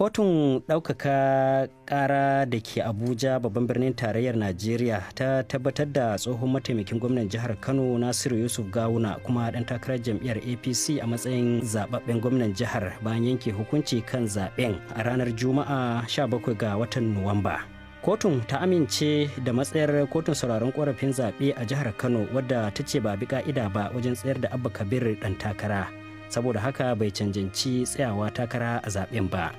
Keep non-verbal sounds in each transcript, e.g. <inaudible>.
kotun ɗaukaka ƙara da ke abuja babban birnin tarayyar najeriya ta tabbatar da tsohon mataimakin gwamnan jihar kano nasiru yusuf gawuna kuma ɗan takarar jam'iyyar apc a matsayin zababben gwamnan jihar bayan yanke hukunci kan zaben a ranar juma'a 17 ga watan nuwamba kotun ta amince da matsayar kotun sauraron korafin zaɓe a jihar kano wadda ta ce ba bi ka'ida ba wajen tsayar da abba kabir ɗan takara saboda haka bai canjanci tsayawa takara a zaɓen ba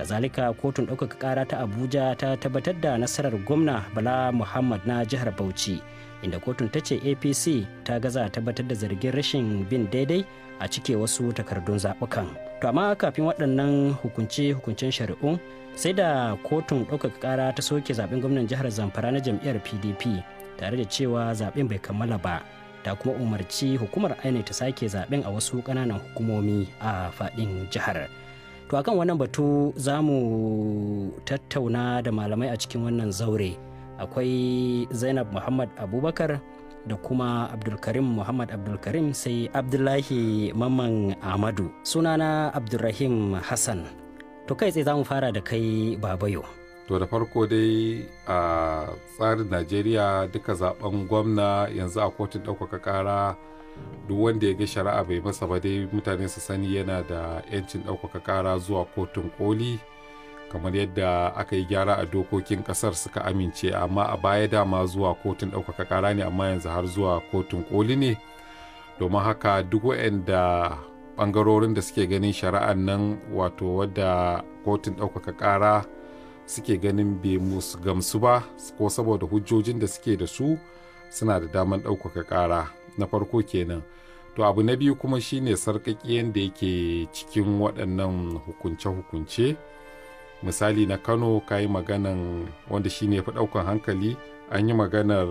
kazalika kotun ɗaukaka ƙara ta abuja ta tabbatar da nasarar gwamna bala muhammad na jihar bauchi inda kotun ta ce apc ta gaza tabbatar da zargin rashin bin daidai a cike wasu takardun zaɓukan to amma kafin waɗannan hukunci hukuncen shari'u sai da kotun ɗaukaka ƙara ta soke zaɓen gwamnan jihar zamfara na jam'iyyar pdp tare da cewa zaɓen bai kammala ba ta kuma umarci hukumar aini ta sake zaɓen a wasu ƙananan hukumomi a faɗin jihar to akan wannan batu za mu tattauna da malamai a cikin wannan zaure akwai zainab muhammad abubakar da kuma abdulkarim muhammad abdulkarim sai abdullahi mamman ahmadu sunana abdulrahim hassan to kai tsaye za mu fara da kai babayo to da farko dai a tsarin najeriya duka zaben gwamna yanzu a kotun ɗaukaka ƙara duk wanda ya ga shari'a bai masa ba dai mutane su sani yana da 'yancin ɗaukaka ƙara zuwa kotun koli kamar yadda aka yi gyara a dokokin ƙasar suka amince amma a baya dama zuwa kotun ɗaukaka ƙara ne amma yanzu har zuwa kotun koli ne domin haka duk waɗanda ɓangarorin da suke ganin shari'an nan wato wadda kotun ɗaukaka ƙara suke ganin bai musu gamsu ba ko saboda hujjojin da suke da su suna da daman ɗaukaka ƙara na farko kenan to abu na biyu kuma shine sarƙaƙiyan da yake cikin waɗannan hukunce-hukunce misali na kano ka yi maganan wanda shine ya fi ɗaukan hankali an yi maganar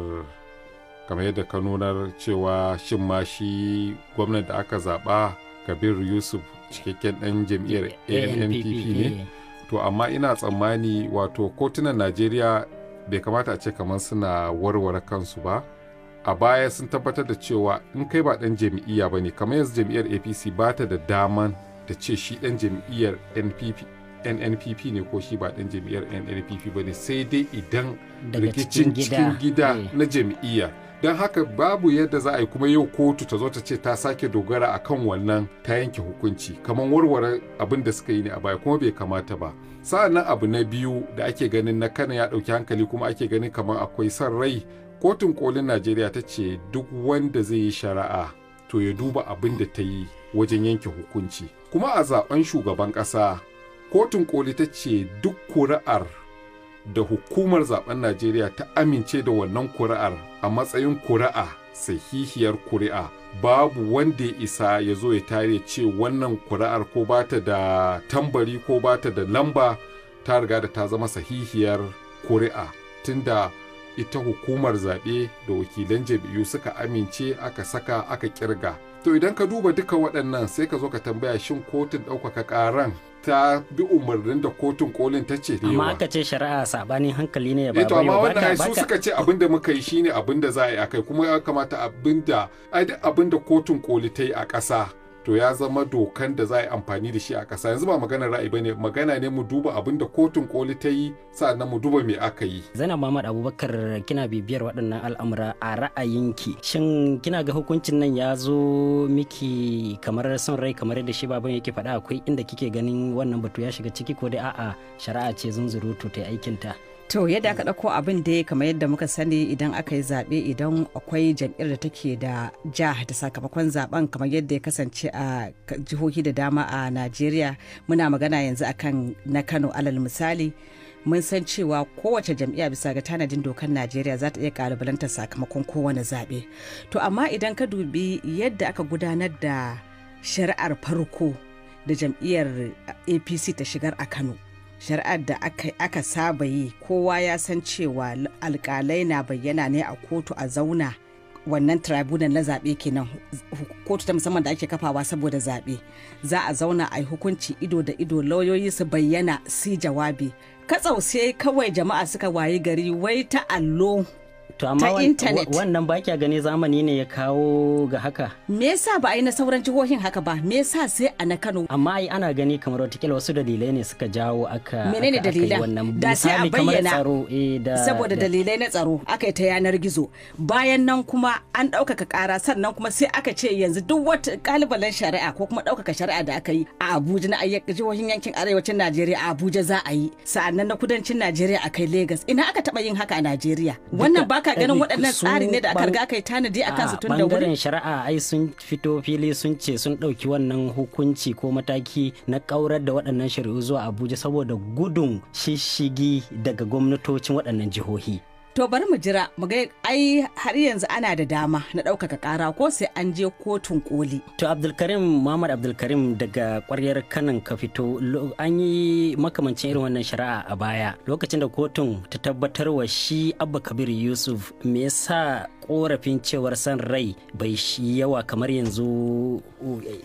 kamar yadda kanunar cewa shin ma shi gwamnan da aka zaɓa kabir yusuf cikakken ɗan jam'iyyar anpp ne to amma ina tsammani wato kotunan najeriya bai kamata a ce kamar suna warware kansu ba a baya sun tabbatar da cewa in kai ba ɗan jam'iyya ba ne kamar yanzu jam'iyyar apc ba ta da daman da ce shi ɗan jam'iyyar nnpp ne ko shi ba ɗan jam'iyyar nnpp ba ne sai dai idan rikicin cikin gida eh. na jam'iyya don haka babu yadda za a yi kuma yau kotu ta zo ta ce ta sake dogara a kan wannan ta yanke hukunci kamar warware abin da suka yi ne a baya kuma bai kamata ba nan abu na biyu da ake ganin na kana ya ɗauki hankali kuma ake ganin kamar akwai son rai kotun kolin najeriya ta ce duk wanda zai yi shari'a to ya duba abin da ta yi wajen yanke hukunci kuma a zaben shugaban ƙasa kotun koli ta ce duk kuri'ar da hukumar zaben najeriya ta amince da wannan kuri'ar a matsayin kuri'a sahihiyar kuri'a babu wanda ya isa ya zo ya tare ce wannan kuri'ar ko ba ta da tambari ko ba ta da lamba ta riga da ta zama sahihiyar kuri'a tunda ita hukumar zaɓe da wakilan jam'iyyu suka amince aka saka aka kirga to idan ka duba duka waɗannan sai ka zo ka tambaya shin kotun ɗaukaka ƙaran ta bi umarnin da kotun kolin ta ce amma aka ce shari'a sabanin hankali ne ba eh amma wannan su suka ce abinda muka yi shine abinda za a yi a kai kuma ya kamata abinda ai duk abinda kotun koli ta yi a ƙasa to ya zama dokan da za a yi amfani da shi a ƙasa yanzu ba magana ra'ayi ba ne magana ne mu duba abin da kotun koli ta yi sa'annan mu duba me aka yi zana mamad abubakar kina bibiyar waɗannan al'amura a ra'ayin ki shin kina ga hukuncin nan ya zo miki kamar son rai kamar yadda shi baban yake faɗa akwai inda kike ganin wannan batu ya shiga ciki ko dai a'a shari'a ce to ta aikinta To yadda aka ɗauko abin da ya kamar yadda muka sani idan aka yi zaɓe idan akwai jam'iyyar da take da ja da sakamakon zaben kamar yadda ya kasance a jihohi da dama a Najeriya muna magana yanzu akan na Kano alal misali mun san cewa kowace jam'iyya bisa ga tanadin dokar Najeriya za ta iya kalubalantar sakamakon kowane zaɓe. To amma idan ka dubi yadda aka gudanar da shari'ar farko da jam'iyyar APC ta shigar a Kano. shari'ar da aka saba yi kowa ya san cewa alkalai na bayyana ne a kotu a zauna wannan tribunal na zaɓe kenan kotu ta musamman da ake kafawa saboda zaɓe za a zauna a yi hukunci ido da ido lauyoyi su bayyana si jawabi katsau sai kawai jama'a suka wayi gari wai ta allo To amma wannan ba kya gani zamani ne ya kawo ga haka. Me yasa ba a yi na sauran jihohin haka ba? Me yasa sai a na Kano? Amma ai ana gani kamar watakila wasu dalilai ne suka jawo aka Menene dalilan? Wannan da sai a bayyana eh, saboda dalilai na tsaro aka yi ta yanar gizo. Bayan nan kuma an ɗaukaka ƙara sannan kuma sai aka ce yanzu duk wata kalibalen shari'a ko kuma ɗaukaka shari'a da aka yi a Abuja na jihohin yankin arewacin Najeriya a Abuja za a yi. Sa'annan na kudancin Najeriya a kai Legas. Ina aka taɓa yin haka a Najeriya? Wannan ba aka ganin waɗannan tsari ne da aka riga kai tanadi a kansu tun da wuri bangaren shari'a ai sun fito fili sun ce sun ɗauki wannan hukunci ko mataki na ƙaurar da waɗannan shari'u zuwa Abuja saboda gudun shishigi daga gwamnatocin waɗannan jihohi To bari mu jira mu ga ai har yanzu ana da dama na ɗaukaka ƙara ko sai an je kotun koli. To Abdulkarim Muhammad Abdulkarim daga ƙwaryar kanan ka fito an yi makamancin irin wannan shari'a a baya lokacin da kotun ta tabbatar wa shi Abba Kabir Yusuf me yasa korafin cewar san rai bai shi yawa kamar yanzu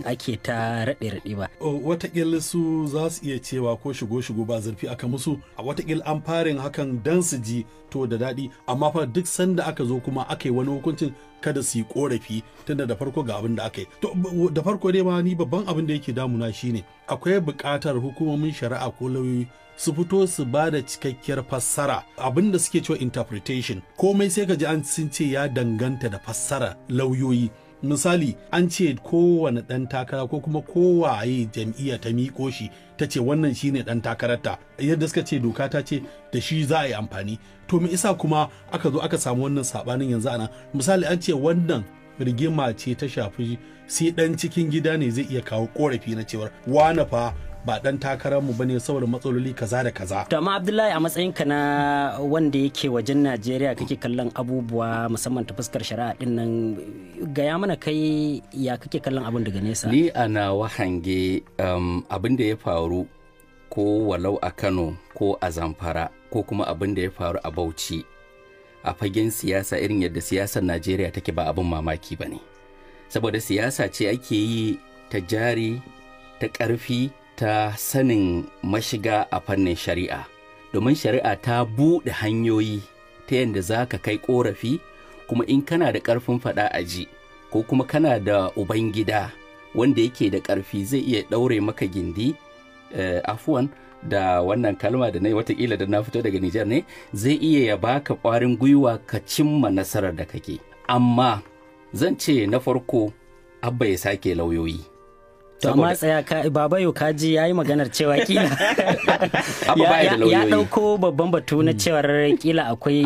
ake ta raɗe-raɗe ba. Wataƙila su za su iya cewa ko shigo-shigo ba zurfi aka musu a wataƙila an farin hakan dan su ji to da daɗi amma fa duk sanda aka zo kuma aka yi wani hukuncin kada su yi korafi tunda da farko ga abin da aka yi to da farko dai ma ni babban abin da yake damuna shine akwai buƙatar hukumomin shari'a ko lauyoyi su fito su ba da cikakkiyar fassara abin da suke cewa interpretation komai sai ka ji an sun ce ya danganta da fassara lauyoyi misali an ce kowane ɗan takara ko kuma kowaye jam'iyya ta miƙo shi ta ce wannan shi ne ɗan takararta yadda suka ce doka ta ce da shi za a yi amfani to me isa kuma aka zo aka samu wannan saɓanin yanzu ana misali an ce wannan rigima ce ta shafi sai ɗan cikin gida ne zai iya kawo ƙorafi na cewar wane fa ba dan takarar mu bane saboda matsaloli kaza da kaza to amma abdullahi a matsayin ka na wanda yake wajen najeriya kake kallon abubuwa musamman ta fuskar shari'a din nan gaya mana kai ya kake kallon abun daga nesa ni ana wahange um, abin da ya faru ko walau a kano ko a zamfara ko kuma abin da ya faru a bauchi a fagen siyasa irin yadda siyasar najeriya take ba abin mamaki bane saboda siyasa ce ake yi ta jari ta ƙarfi ta sanin mashiga a fannin shari'a domin shari'a ta buɗe hanyoyi ta yadda za ka kai ƙorafi kuma in kana da ƙarfin faɗa a ji ko kuma kana da ubangida wanda yake da ƙarfi zai iya ɗaure maka gindi uh, afuwan da wannan kalma da na yi watakila da na fito daga Nijar ne zai iya ya baka ƙwarin gwiwa ka cimma nasarar da kake amma zan ce na farko abba ya sake lauyoyi to amma tsaya ka baba yau kaji ya yi maganar cewa kila <laughs> <laughs> ya dauko babban batu na cewar kila akwai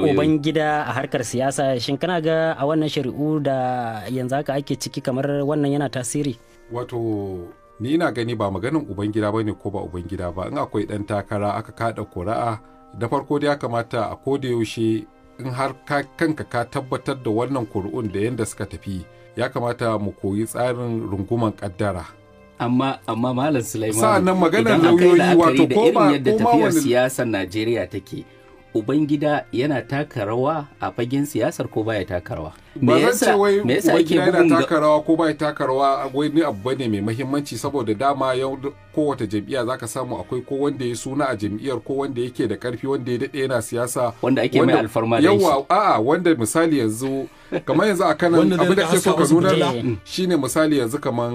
uban gida a harkar siyasa shin kana ga a wannan shari'u da yanzu haka ake ciki kamar wannan yana tasiri wato ni ina gani ba maganin uban gida bane ko ba uban gida ba in akwai dan takara aka kada kuri'a da farko dai ya kamata a koda yaushe in har ka kanka ka tabbatar da wannan kuri'un da yadda suka tafi ya kamata mu koyi tsarin runguman kaddara amma amma malam Sulaiman sa'annan maganar lauyoyi wato ko ba yadda tafiyar siyasar Najeriya take ubangida yana taka rawa a fagen siyasar ko baya taka rawa me yasa me yasa yake bugun takarawa ko bai takarawa wai ni abu bane mai muhimmanci saboda dama yau kowace jam'iyya zaka samu akwai ko wanda ya suna a jam'iyyar ko wanda yake da karfi wanda ya dade yana siyasa wanda ake mai alfarma da yawa a'a wanda misali yanzu kamar yanzu a kanan abin da ke so ka nuna mm. shine misali yanzu kamar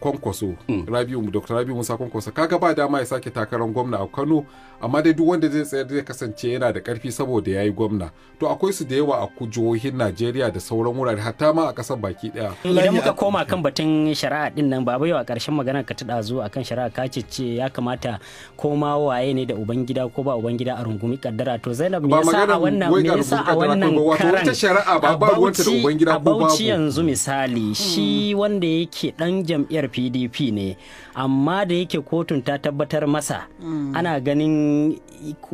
kwankwaso mm. Rabiu Dr. Rabiu Musa kwankwaso kaga ba dama ya sake takarar gwamna a Kano amma dai duk wanda zai tsayar zai kasance yana da karfi saboda yayi gwamna to akwai su da yawa a kujohin Najeriya da sauran sauran wurare hatta ma a kasar baki daya idan muka koma kan batun shari'a din nan baba yau a karshen magana ka tada zo akan shari'a ka ce ya kamata ko ma waye ne da ubangida ko ba ubangida a rungumi kaddara to Zainab me yasa a wannan me yasa a wannan karan wata shari'a ba ba wata da ubangida ko babu Bauchi yanzu misali shi hmm. wanda yake dan jam'iyyar PDP ne amma da yake kotun ta tabbatar masa hmm. ana ganin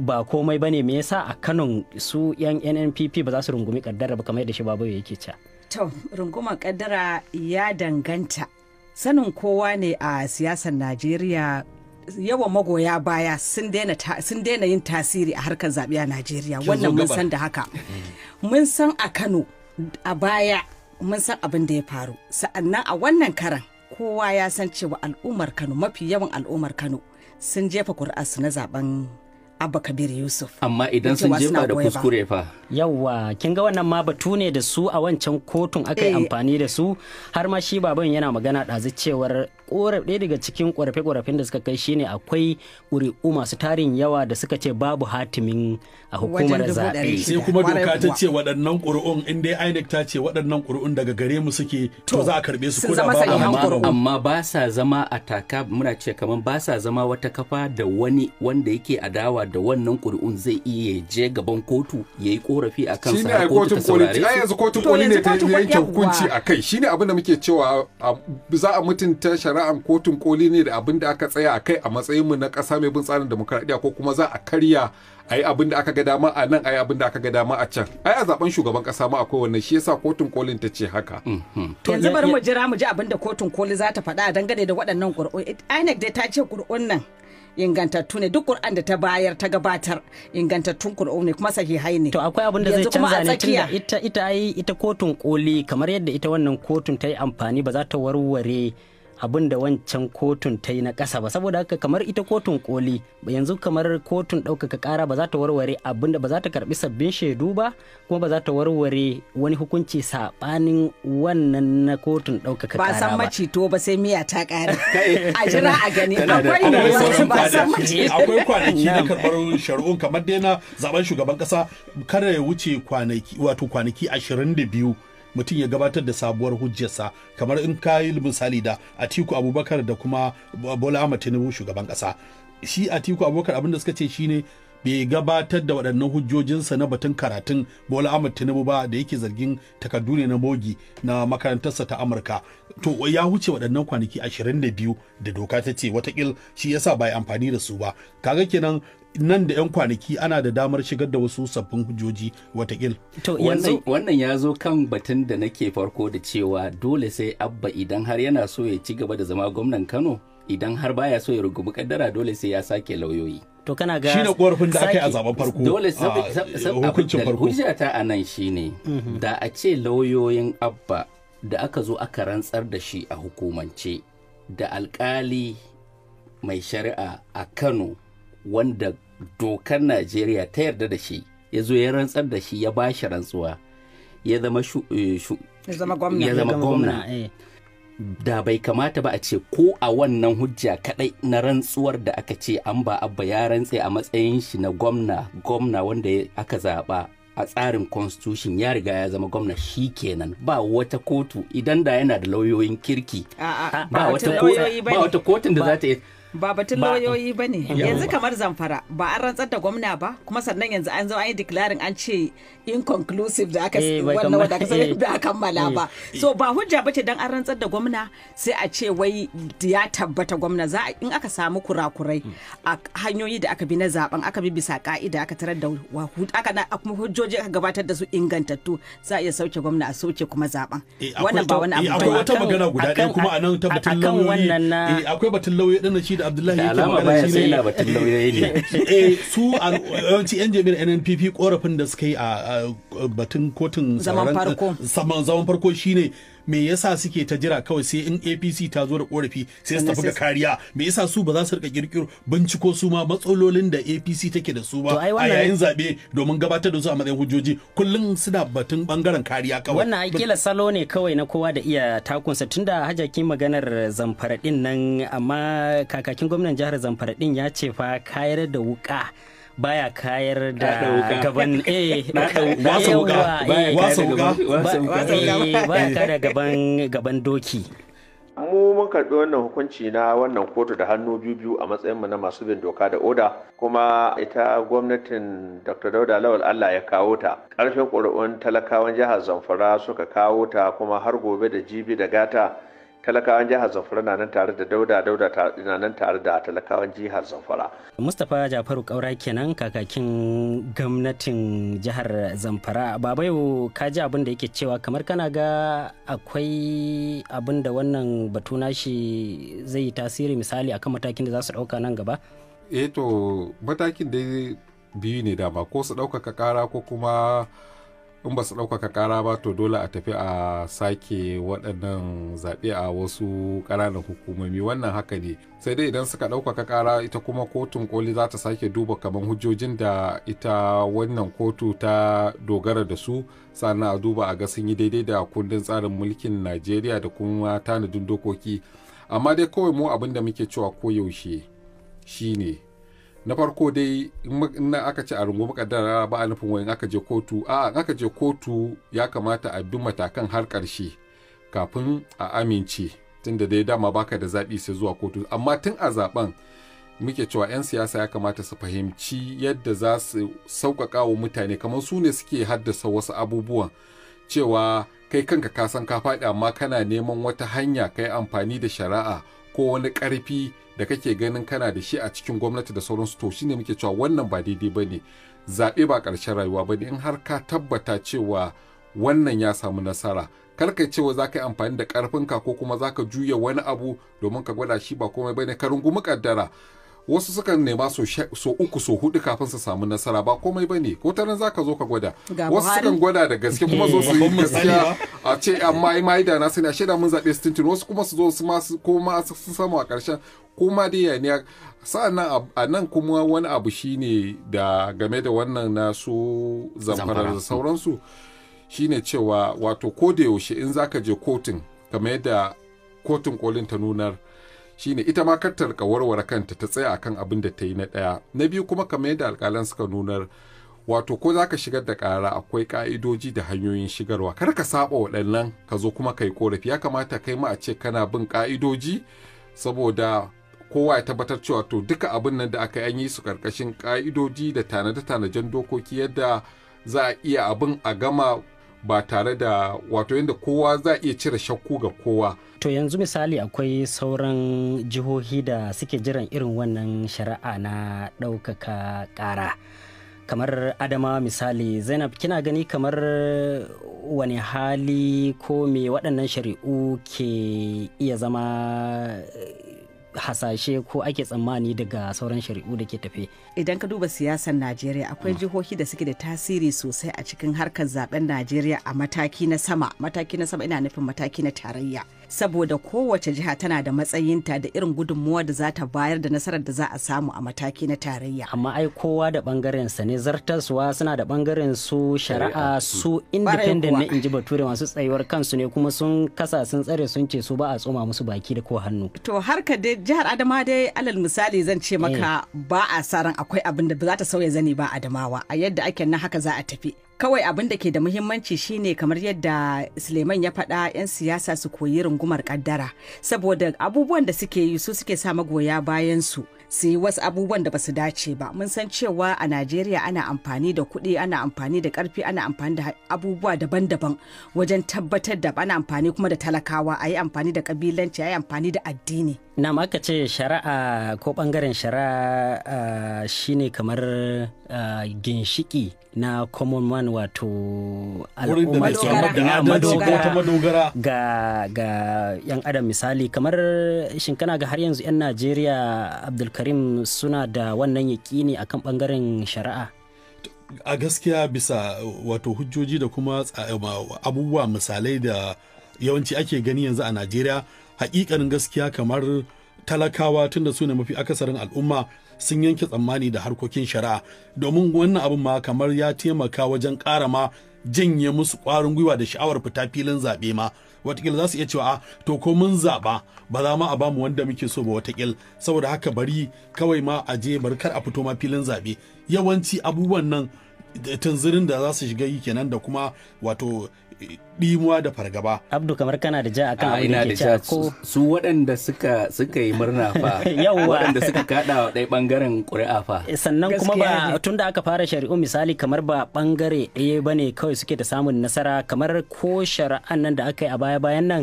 ba komai bane me yasa a Kano su yan NNPP ba za su rungumi kaddara ba kamar yadda shi babu yake ca. To, rungumar kaddara ya danganta. Sanin kowa ne a siyasar Najeriya yawan magoya baya sun daina yin tasiri a harkar zaɓe a Najeriya wannan mun san da haka. Mm-hmm. Mun san a Kano a baya mun san abin da ya faru. Sa'annan a wannan karan kowa ya san cewa al'ummar Kano mafi yawan al'ummar Kano sun jefa kuri'arsu na zaben Abba Kabir Yusuf. Amma idan sun jefa da kuskure fa. Yawwa, kin ga wannan ma batu ne da su a wancan kotun aka yi eh. amfani da su har ma shi baban yana magana ɗazu cewar ɗaya daga cikin ƙorafe-ƙorafen da suka kai shine akwai ƙuri'u masu tarin yawa da suka ce babu hatimin a hukumar zaɓe sai kuma doka ta ce waɗannan ƙuri'un in dai INEC ta ce waɗannan ƙuri'un daga gare mu suke to za a karɓe su ko da amma ba sa zama a taka muna ce kamar ba sa zama wata kafa da wani wanda yake adawa da wannan ƙuri'un zai iya je gaban kotu ya yi ƙorafi a kan sa kotu ta saurare yanzu kotun koli ne ta yanke hukunci a kai shine abin da muke cewa za a mutunta shari'a shari'an kotun koli ne da abin da aka tsaya a kai a matsayinmu na ƙasa mai bin tsarin demokradiyya ko kuma za a karya a yi abin da aka ga dama a nan a yi abin da aka ga dama a can ai a zaben shugaban ƙasa ma akwai wannan shi yasa kotun kolin ta ce haka. Mm-hmm. yanzu bari mu jira mu ji abin da kotun koli za ta faɗa dangane da waɗannan ƙuri'o'i inec dai ta ce ƙuri'un nan ingantattu ne duk ƙur'an da ta bayar ta gabatar ingantattun Qur'an ne kuma sahihai ne to akwai abin da zai canza ne tunda ita ita ita kotun koli kamar yadda ita wannan kotun ta yi amfani ba za ta warware abin da wancan kotun ta yi na ƙasa ba saboda haka kamar ita kotun koli yanzu kamar kotun ɗaukaka ƙara ba za ta warware abin da ba za ta karɓi sabbin shaidu ba kuma ba za ta warware wani hukunci saɓanin wannan na kotun ɗaukaka ƙara ba. Ba san to ba sai miya ta ƙare. <laughs> A jira a gani akwai ne ba san Akwai kwanaki na karɓar shari'un kamar dai na zaben shugaban ƙasa kada ya wuce kwanaki wato kwanaki ashirin da biyu mutum ya gabatar da sabuwar hujjarsa kamar in ka yi misali da Atiku Abubakar da kuma Bola Tinubu shugaban kasa shi Atiku Abubakar abin da suka ce shine bai gabatar da waɗannan hujjojinsa na batun karatun Bola ahmad Tinubu ba da yake zargin takardu ne na bogi na makarantarsa ta Amurka. To ya huce waɗannan kwanaki 22 da doka ta ce watakil shi yasa bai amfani da su ba. Kaga kenan nan da 'yan kwanaki ana da damar shigar da wasu sabbin hujjoji watakil. Wannan ya zo kan batun da nake farko da cewa dole sai abba idan har yana so ya ci gaba da zama gwamnan Kano idan har baya so ya rugumi kaddara dole sai ya sake lauyoyi. To kana ga shine korafin da aka yi a zaben farko. Dole ah, hukuncin farko. Hujja ta a nan shine mhm. da a ce lauyoyin abba da aka zo aka rantsar da shi a hukumance da alkali mai shari'a a Kano wanda dokar najeriya ta yarda da shi ya zo ya rantsar da shi ya bashi shi rantsuwa ya zama gwamna da bai kamata ba a ce ko a wannan hujja kadai na rantsuwar da aka ce an ba abba ya rantse a matsayin shi na gwamna gwamna wanda aka zaba a tsarin constitution ya riga ya zama gwamna shi kenan ba wata kotu idan da yana da lauyoyin kirki ba wata kotun da za ta yi ba batun lauyoyi ba ne yanzu kamar zamfara ba an rantsar da gwamna ba kuma sannan yanzu an zama an yi declaring an ce inconclusive da aka eh, wannan <laughs> eh, da aka da kammala ba eh, so ba hujja bace don an rantsar da gwamna sai a ce wai ya tabbata gwamna za in aka samu kurakurai a hanyoyi da aka bi na zaben aka bi bisa ka'ida aka tarar da aka na kuma hujjoji aka gabatar da su ingantattu za a iya sauke gwamna a sauke kuma zaben wannan ba wani abu akwai wata magana guda ɗaya kuma nan ta batun lauyoyi akwai batun lauyoyi din shi da Abdullahi yake magana shi ne batun lauyoyi ne <laughs> eh su yawanci yan jami'ar NNPP korafin da suka yi a batun kotun zaman farko eh, zaman farko shine me yasa suke ta jira kawai sai in apc ta zo da korafi sai su tafi ga kariya me yasa su ba za su rika kirkiro binciko su ma matsalolin da apc take da su ba a yayin zabe domin gabatar da su a matsayin hujjoji kullum suna batun bangaren kariya kawai wannan ai kila salo ne kawai na kowa da iya takunsa tunda hajjakin maganar zamfara din nan amma kakakin gwamnan jihar zamfara din ya ce fa kayar da wuka Eh, baya kayar da gaban gaban doki mu mun karbi wannan hukunci na wannan kotu da hannu biyu biyu a matsayinmu na masu bin doka da oda kuma ita gwamnatin dr dauda lawal allah ya kawo ta ƙarfin ƙuri'un talakawan jihar zamfara suka kawo ta kuma har gobe da jibi da gata talakawan jihar zamfara na nan tare da dauda dauda na nan tare da talakawan jihar zamfara mustapha jafaru kaura kenan kakakin gwamnatin jihar zamfara baba yau ka ji abin da yake cewa kamar kana ga akwai abin da wannan batu nashi zai yi tasiri misali akan matakin da za su dauka nan gaba eh to matakin dai biyu ne dama ko su ɗaukaka kara ko kuma in ba su ɗaukaka ƙara ba to dole a tafi a sake waɗannan zaɓe a wasu ƙananan hukumomi wannan haka ne sai dai idan suka ɗaukaka ƙara ita kuma kotun koli za ta sake duba kamar hujjojin da ita wannan kotu ta dogara da su sannan a duba a ga sun yi daidai da kundin tsarin mulkin najeriya da kuma tanadin dokoki amma dai kawai mu abin da muke cewa koyaushe shine na farko dai na aka ce a rungumi kaddara ba a nufin wani aka je kotu a aka je kotu ya kamata a bi matakan har karshe kafin a amince tunda dai dama baka da zaɓi sai zuwa kotu amma tun a zaben muke cewa 'yan siyasa ya kamata su fahimci yadda za su sauƙaƙa wa mutane kamar su ne suke haddasa wasu abubuwan cewa kai kanka ka san ka faɗi amma kana neman wata hanya kai amfani da shari'a ko wani karfi da kake ganin kana da shi a cikin gwamnati da sauransu to shine muke cewa wannan ba daidai ba ne zaɓe ba ƙarshen rayuwa ba ne in har ka tabbata cewa wannan ya samu nasara kar ka cewa za ka yi amfani da ƙarfinka ko kuma za ka juya wani abu domin ka gwada shi ba komai ba ne ka rungumi ƙaddara wasu sukan nema so uku so hudu kafin su samu nasara ba komai ba ne ko taron zaka zo ka gwada wasu sukan gwada da gaske kuma zo su yi gaskiya a ce amma ai mai da na sani a shaida mun zaɓe stintin wasu kuma su zo su ma ko ma su samu a ƙarshen ko ma dai ya ne sa'annan a nan kuma wani abu shine da game da wannan na su zamfarar da sauransu shine cewa wato ko da yaushe in zaka je kotun kamar yadda kotun kolin ta nunar shine ita ma kartar ka warware kanta ta tsaya akan abin da ta yi na ɗaya na biyu kuma kamar yadda alƙalan suka nunar wato ko za ka shigar da ƙara akwai ƙa'idoji da hanyoyin shigarwa kar ka saba waɗannan ka zo kuma kai korafi ya kamata kai ma a ce kana bin ƙa'idoji saboda kowa ya tabbatar cewa to duka abin nan da aka yi an yi su ƙarƙashin ƙa'idoji da tanade tanajen dokoki yadda za a iya abin a gama ba tare da wato yadda kowa za a iya cire shakku ga kowa to yanzu misali akwai sauran jihohi da suke jiran irin wannan shari'a na ɗaukaka ƙara kamar adama misali zainab kina gani kamar wani hali ko me waɗannan shari'u ke iya zama hasashe ko ake tsammani daga sauran shari'u da ke tafe idan ka duba siyasar najeriya akwai mm. jihohi da suke da tasiri sosai a cikin harkar zaben najeriya a mataki na sama mataki na sama ina nufin mataki na tarayya saboda kowace jiha tana da matsayinta da irin gudunmuwa da za ta bayar da nasarar da za a samu a mataki na tarayya amma ai kowa da bangarensa sa ne zartaswa suna da bangaren su shari'a su independent na inji bature masu tsayuwar kansu ne kuma sun kasa sun tsare sun ce su ba a tsoma musu baki da ko hannu to harka dai jihar adama dai alal misali zan ce maka eh. ba a sa ran akwai abin da ba za ta sauya zani ba adamawa a yadda ake nan haka za a tafi kawai abin da ke da muhimmanci shine kamar yadda suleiman ya faɗa 'yan siyasa su koyi rungumar kaddara saboda abubuwan da suke yi su suke sa magoya bayan su su yi wasu abubuwan da basu dace ba mun san cewa a najeriya ana amfani da kuɗi ana amfani da ƙarfi ana amfani da abubuwa daban-daban wajen tabbatar da ana amfani kuma da talakawa a yi amfani da ƙabilanci a yi amfani da addini na aka ce shari'a ko bangaren shari'a ah, shine kamar ah, ginshiki na common man wato al'umma madogara ga ga yan adam misali kamar shinkana ga har yanzu yan najeriya abdulkarim suna da wannan a akan bangaren shari'a a gaskiya bisa wato hujjoji da kuma eh, abubuwa misalai da yawanci ake gani yanzu a najeriya hakikanin gaskiya kamar talakawa tunda su ne mafi akasarin al'umma sun yanke tsammani da harkokin shari'a domin wannan abin ma kamar ya taimaka wajen ƙara ma janye musu ƙwarin gwiwa da sha'awar fita filin zaɓe ma watakila za su iya cewa to ko mun zaɓa ba za ma a bamu wanda muke so ba watakil saboda haka bari kawai ma a je bari kar a fito ma filin zaɓe yawanci abubuwan nan tanzirin da za su shiga yi kenan da kuma wato Dimuwa da fargaba. Abdu kamar kana da ja a kan abin da ke ko. Su waɗanda suka suka yi murna fa. Yawwa. Waɗanda suka kaɗa wa ɗaya ɓangaren ƙuri'a fa. Sannan kuma ba tun da aka fara shari'u misali kamar ba ɓangare ɗaya ba ne kawai suke da samun nasara kamar ko shari'an nan da aka yi a baya-bayan nan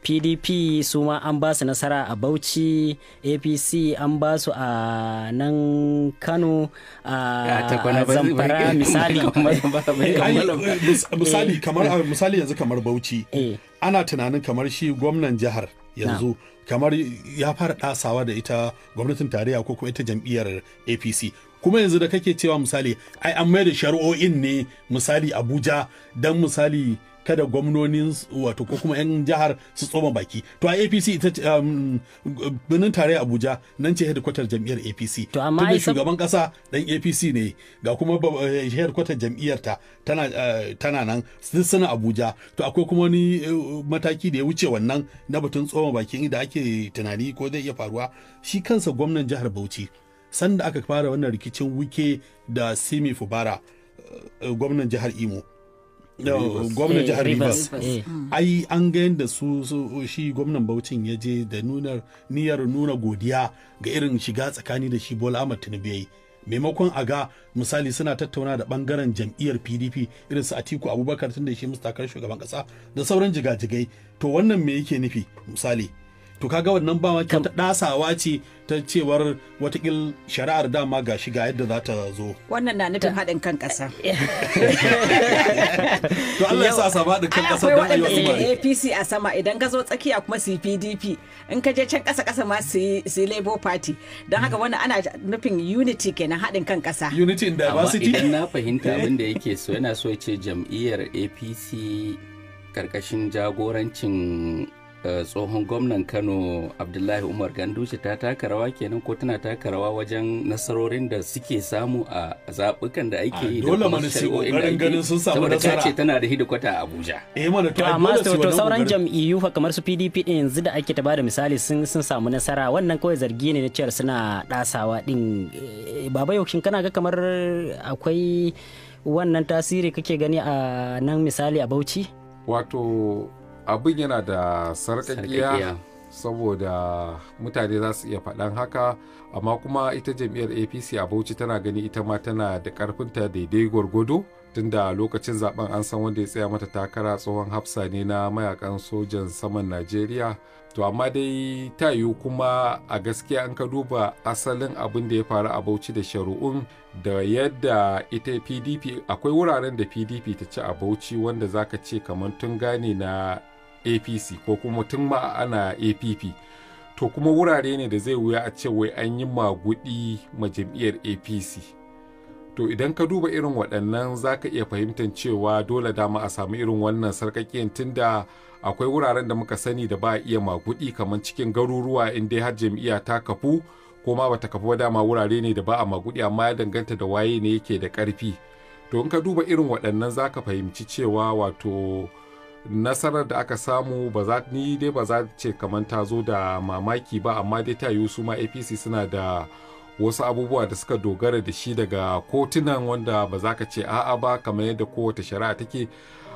PDP su ma an ba su nasara a Bauchi APC an ba su a nan Kano a Zamfara misali. Misali kamar misali yanzu kamar Bauchi eh. ana tunanin kamar shi gwamnan jihar yanzu kamar ya fara ɗasawa da ita gwamnatin tarayya ko kuma ita jam'iyyar APC kuma yanzu da kake cewa misali ai an mai da shari'o'in ne misali Abuja dan misali kada gwamnonin wato ko kuma 'yan jihar su tsoma baki to a apc ita um, birnin tare abuja nan ce headquarter jam'iyyar apc to amma ai shugaban kasa dan apc ne ga kuma eh, headquarter jam'iyyar ta tana eh, tana nan suna abuja to akwai kuma wani eh, mataki da ya wuce wannan na batun tsoma baki da ake tunani ko zai iya faruwa shi kansa gwamnan jihar bauchi sanda aka fara wannan rikicin wike da simi fubara gwamnan jihar imo gwamnan eh, jihar rivers eh. ai an ga yadda su shi gwamnan bauchin ya je da nunar niyyar nuna godiya ga irin shiga tsakani da shi bola ahmad tinubu ya yi maimakon a ga misali suna tattauna da bangaren jam'iyyar pdp irin su atiku abubakar tun da shi mustakar shugaban kasa da sauran jigajigai to wannan me yake nufi misali to kaga wannan ba wata dasawa ce ta cewar watakil shari'ar dama ga shiga yadda za ta zo wannan na nufin haɗin kan ƙasa <laughs> to Allah ya sa sa haɗin kan ƙasa don ayyuka su APC a sama idan ka zo tsakiya kuma su PDP in ka je can ƙasa ƙasa ma su yi Labour Party don haka wannan ana nufin unity kenan haɗin kan ƙasa unity in diversity idan na fahimta <laughs> abin da yake so yana so ya ce jam'iyyar APC karkashin jagorancin Eh, tsohon gwamnan kano abdullahi umar ganduje ta taka rawa kenan ko tana taka rawa wajen nasarorin da suke samu a zaɓukan da ake ah, yi da kuma shari'o'in da ake saboda ta tana da hidda-kwata a abuja eh, to amma to sauran jam'iyyu fa kamar su pdp din yanzu da ake ta bada misali sun sun samu nasara wannan kawai zargi ne na cewar suna ɗasawa din eh, baba yaushin kana ga kamar akwai wannan tasiri kake gani a nan misali a bauchi wato abin yana da sarkakiya saboda mutane za su iya faɗan haka amma kuma ita jam'iyyar apc a bauchi tana gani ita ma tana da ƙarfinta daidai gwargwado tun da lokacin zaben an san wanda ya tsaya mata takara tsohon hafsa ne na mayakan sojan saman najeriya to amma dai ta yiwu kuma a gaskiya an ka duba asalin abin da ya faru a bauchi da shari'un da yadda ita pdp akwai wuraren da pdp ta ci a bauchi wanda zaka ce kamar tun gane na apc ko kuma tun ma ana app to kuma wurare ne da zai wuya a ce wai an yi magudi ma jam'iyyar apc to idan ka duba irin waɗannan za ka iya fahimtar cewa dole dama a samu irin wannan tun tunda akwai wuraren da muka sani da ba a iya magudi kamar cikin garuruwa in dai har jam'iyya ta kafu ko ma bata kafu ba dama wurare ne da ba a magudi amma ya danganta da waye ne yake da ƙarfi to in ka duba irin waɗannan za ka fahimci cewa wato nasarar da aka samu ba za ni dai ba za ce kamar ta zo da mamaki ba amma dai ta yiwu su ma apc suna da wasu abubuwa da suka dogara da shi daga kotunan wanda ba za ka ce a'a ba kamar yadda kowace shari'a take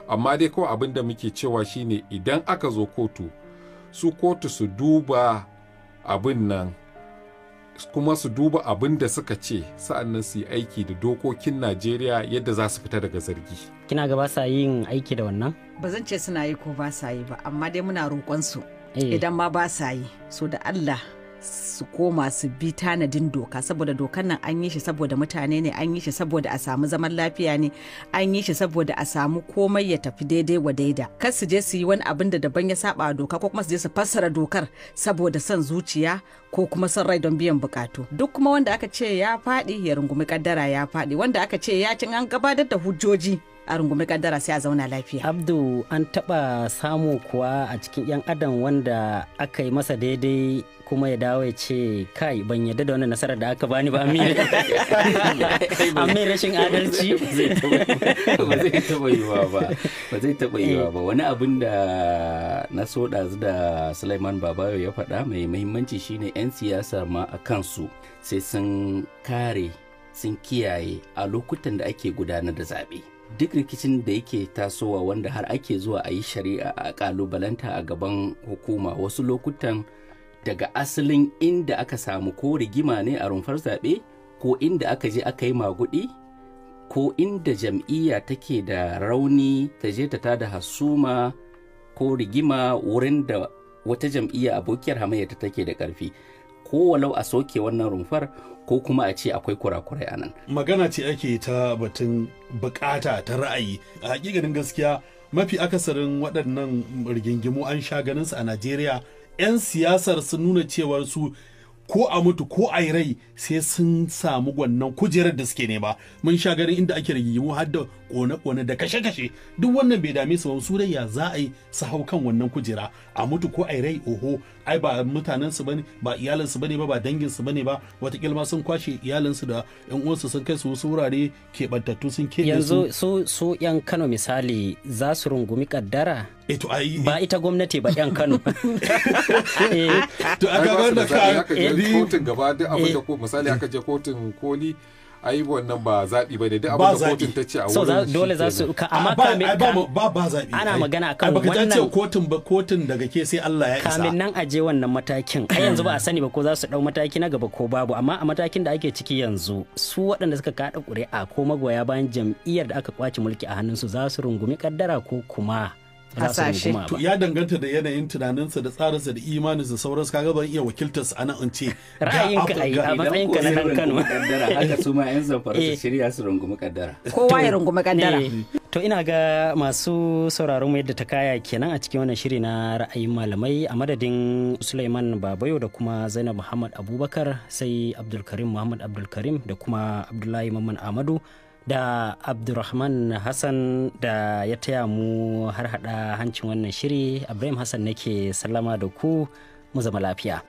amma dai kawai abin da muke cewa shine idan aka zo kotu su kotu su duba abin nan kuma su duba abin da suka ce sa'annan su yi aiki da dokokin najeriya yadda za su fita daga zargi kina ga ba sa yin aiki da wannan ba zan ce suna yi ko ba sa yi ba amma dai muna roƙon su eh. idan ma ba sa yi so da allah su koma su bi tanadin doka saboda dokan nan an yi shi saboda mutane ne an yi shi saboda a samu zaman lafiya ne an yi shi saboda a samu komai ya tafi daidai wa daida kar su je su yi wani abin da daban ya saba doka ko kuma su je su fassara dokar saboda son zuciya ko kuma son rai don biyan bukatu duk kuma wanda aka ce ya faɗi ya rungumi kaddara ya faɗi wanda aka ce ya cin an gabatar da hujjoji a rungume kaddara sai a zauna lafiya abdu an taba samu kuwa a cikin yan adam wanda aka yi masa daidai kuma ya dawo ya ce kai ban yadda da wannan nasarar da aka bani ba amir <laughs> amir rashin adalci <laughs> ba zai taba yi ba ba zai taba yi ba wani abin da na so ɗazu da Sulaiman Babayo ya faɗa mai muhimmanci shine 'yan siyasa ma a kansu sai sun kare sun kiyaye a lokutan da ake gudanar da zaɓe duk rikicin da yake tasowa wanda har ake zuwa a yi shari'a a kalubalanta a gaban hukuma wasu lokutan daga asalin inda aka samu ko rigima ne a rumfar zaɓe ko inda aka je aka yi maguɗi ko inda jam'iyya take da rauni ta je ta tada hasuma ko rigima wurin da wata jam'iyya abokiyar hamayyata take da ƙarfi ko walau a soke wannan rumfar ko kuma a ce akwai kurakurai a nan magana ce ake ta batun bukata ta ra'ayi a hakikanin gaskiya mafi akasarin waɗannan rigingimu an sha ganinsu a najeriya 'yan siyasar sun nuna cewar su ko a mutu ko a yi rai sai sun samu wannan kujerar da suke nema mun sha ganin inda ake rigingimu har da kone-kone da kashe-kashe duk wannan bai dame su ba su ya za a yi su hau kan wannan kujera a mutu ko a yi rai oho ai ba mutanen su bane ba iyalin su bane ba ba dangin su bane ba watakila ma sun kwashe iyalin su da yan uwansu sun kai su wasu wurare keɓantattu sun su yanzu su su yan Kano misali za su rungumi kaddara eh, to ai ba ita gwamnati ba yan Kano <laughs> eh. to aka ga da ka kotun gaba da abin da ko misali eh. aka je kotun koli ai wannan ba zaɓi ba ne duk abin da kotun ta ce a wurin shi dole za su amma ba ba zaɓi ana magana akan wannan ce kotun ba kotun daga ke sai Allah ya isa kamin nan aje wannan matakin ai yanzu ba a sani ba ko za su dau mataki na gaba ko babu amma a matakin da ake ciki yanzu su waɗanda suka kada ƙuri'a ko magoya bayan jam'iyyar da aka kwace mulki a hannun su za su rungumi kaddara ko kuma hasashe to ya danganta da yanayin tunaninsa da tsarinsa da imaninsa sauransu kaga ban iya wakiltarsa ana in ce ra'ayinka a matsayin ka na dan Kano <laughs> haka su ma yan zamfara su eh. shirya su rungumi kaddara kowa ya rungumi kaddara eh. to ina ga masu sauraron yadda ta kaya kenan a cikin wannan shiri na ra'ayin malamai a madadin Suleiman Babayo da kuma Zainab Muhammad Abubakar sai Abdulkarim Muhammad Abdulkarim da kuma Abdullahi Mamman Amadu da abdulrahman hassan da ya taya mu har hada hancin wannan shiri ibrahim hassan nake sallama da ku mu zama lafiya